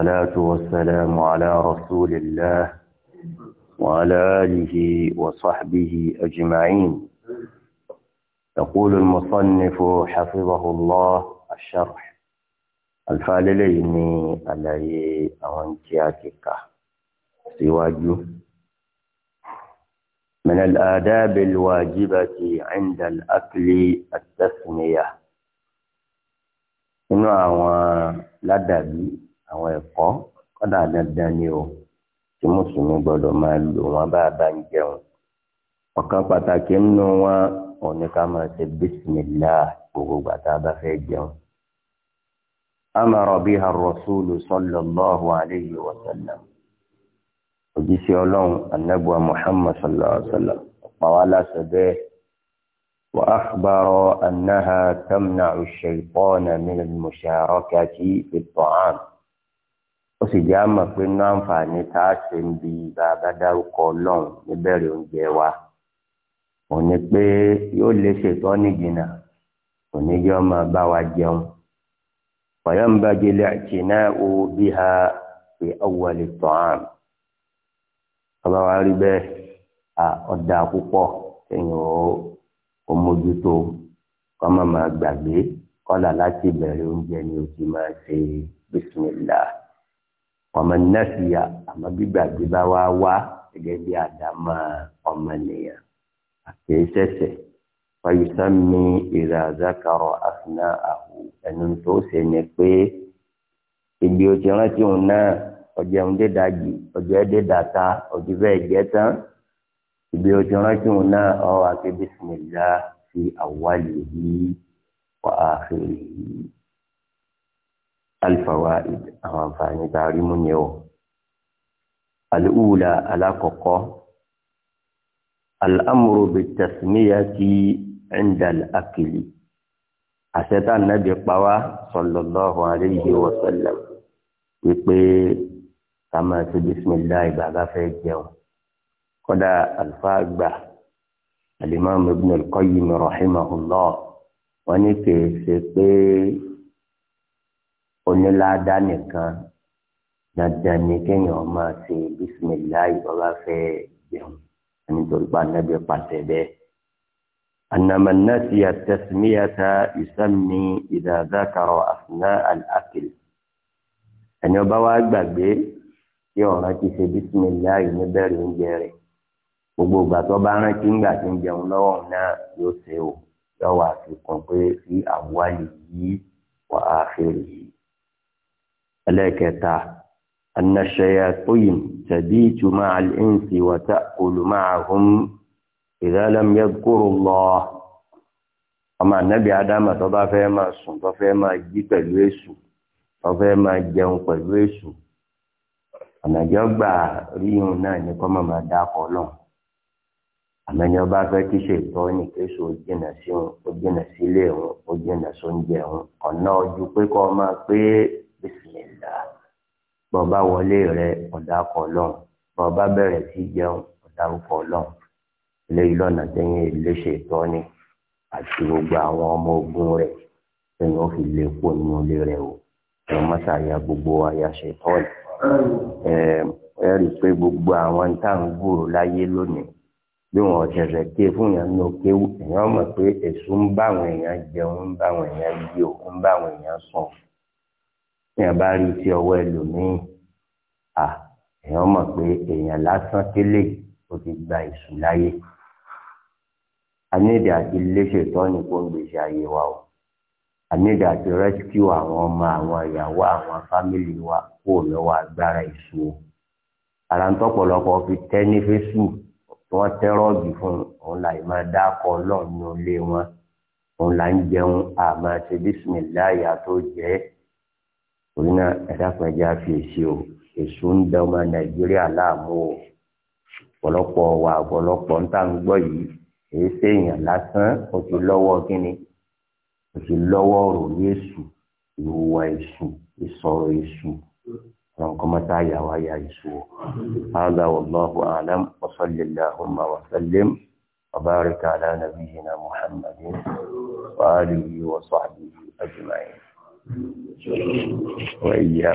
والصلاة والسلام على رسول الله وعلى آله وصحبه أجمعين يقول المصنف حفظه الله الشرح الفاللين علي أوانتياتك سواج من الآداب الواجبة عند الأكل التسمية إنه لدى àwọn ẹ̀kọ́ kọ́dà dandan ni o tí mùsùlùmí gbọ́dọ̀ máa lò wọ́n bá a bá ń jẹun ọ̀kan pàtàkì nínú wọn ò ní ká máa ṣe bísímìlá gbogbo tá a bá fẹ́ jẹun. amara biha rasulu sallallahu alayhi wa sallam òjíṣẹ́ ọlọ́run anábùwà muhammad sallallahu alayhi wa sallam ọ̀pá wa láṣẹ bẹ́ẹ̀. وأخبر أنها تمنع الشيطان من المشاركة في الطعام ó sì jẹ́ àmọ̀ pé ní àǹfààní tá a ṣe ń bi bàbá dárúkọ ọlọ́run níbẹ̀rẹ̀ oúnjẹ wa òun ni pé yóò lè ṣètọ́ nìjìnà òní yọ máa bá wa jẹun fọyọ́nbàjì lẹ́ẹ̀kìnà ó bí ha fi awwali ta'am bàbá wa rí bẹ́ẹ̀ ọ̀dà púpọ̀ ẹ̀yìn ó mójútó kọ́ máa gbàgbé kọ́là láti bẹ̀rẹ̀ oúnjẹ ni o ti máa ṣe bísímìlá ọmọ nẹ́sìyà àmọ́ gbígbàgbé bá wá wá gẹ́gẹ́ bí àdámọ́ ọmọnìyàn àti ṣẹ̀ṣẹ̀ fayusami ìràzákàrọ̀ àfinà àhù ẹnu tó ṣe ni pé ibi ó ti rántí òun náà ọjọ́ ń dédà jì ọjọ́ ẹ dédà ta ọjọ́ bẹ́ẹ̀ jẹ́ tán ibi ó ti rántí òun náà ọ àti bisimilá fi àwálé yìí wà á fèrè yìí. الفوائد أو أنفاني داري من يو الأولى على كوكو الأمر بالتسمية عند الأكل àṣẹta nàbí pàwá sallallahu alayhi wa sallam wípé ká máa ṣe bisimilahi bàbá fẹ́ jẹun kódà àlùfáà gbà alimami ibn al-qayyim rahimahullah wọn ní kì pé onílàádá nìkan dandan ni kéèyàn máa ṣe bisimilayi bàbá fẹ́ jẹun nítorí pé anábì pàṣẹ bẹ́ẹ̀. أنما نسي التسمية يسمي إذا ذكر أثناء الأكل ẹni ọba wa gbàgbé tí ọ̀ràn ti ṣe bísímìláì níbẹ̀rẹ̀ oúnjẹ rẹ̀ gbogbo ìgbà tó bá rántí ńgbà tí ń jẹun lọ́wọ́ náà yóò ṣe o yóò wá fi kàn pé sí àwálì yìí wà á fèrè yìí ẹlẹ́ẹ̀kẹta anasẹ̀yà tóyìn tàbí ìtumọ̀ àlẹ́ǹsì wàtà olùmọ̀ àhún ìdálẹ́mìyẹ kúrò lọ. ọmọ anabi adama tó bá fẹ́ máa sùn tó fẹ́ máa jí pẹ̀lú èṣù tó fẹ́ máa jẹun pẹ̀lú èṣù ọ̀nàjọ́ gbà ríhun náà ní kọ́ máa máa dákọ̀ lọ́hùn àmẹ́ni ọba fẹ́ kí ṣètò ní kéṣù ó sí òun ó jìnà sóúnjẹ òun ọ̀nà ojú pé kọ́ máa pé bọba wọlé rẹ ọdà kọ lọhùn bọba bẹ̀rẹ̀ sí jẹun ọdà kọ lọhùn eléyìí lọnà tẹyìn iléeṣẹ́ ìtọ́ni àti gbogbo àwọn ọmọ ogun rẹ tẹyìn ó fi lè kó nínú ilé rẹ o ẹ mọ́sàáyà gbogbo àyàṣẹ tọ́ọ̀lù ẹ ẹ rí i pé gbogbo àwọn ń tà ń gbòòrò láyé lónìí bí wọn ṣẹ̀ṣẹ̀ ké fún yẹn ní òkèwù èèyàn mọ̀ pé èṣù ń bá àwọn èèyàn jẹun ń bá àwọn èèyàn yí o ń bá àwọn èèyàn sùn tí a bá rí ti ọwọ́ ẹlòmíì à èèyàn mọ̀ pé èèyàn lásán tẹ́lẹ̀ ó ti gba ìsù láyé anídìí àti iléeṣẹ́ ìtọ́ni kó ń gbèsè ayé wa o anídìí àti rẹ́síkìú àwọn ọmọ àwọn ìyàwó àwọn fámìlì wa kó lọ́wọ́ agbára ìsù o ara ń tọ́pọ̀lọpọ̀ fi tẹ́ ní fésù wọ́n tẹ́ rọ́ọ̀gì fún òun láì máa dákọ̀ ọlọ́run ní ilé wọn òun là ń jẹun àmọ́ ṣe bísímìláyà tó jẹ́ torí náà ẹ̀dá kan ẹja fi èsì o èso ń da ọmọ nàìjíríà láàmú o ọ̀pọ̀lọpọ̀ wa ọ̀pọ̀lọpọ̀ ń tà ń gbọ́ yìí èyí sèèyàn lásán ó ti lọ́wọ́ kínni ó ti lọ́wọ́ ọ̀rọ̀ yéṣù ìhùwà èṣù ìsọ̀rọ̀ èṣù wọn yàwá ya èṣù o. hādhā wallāhu a'lam wa salli llāhumma wa sallim wa bārik 'alā nabiyyina muhammadin wa ālihi wa sahbihi ajma'in. wa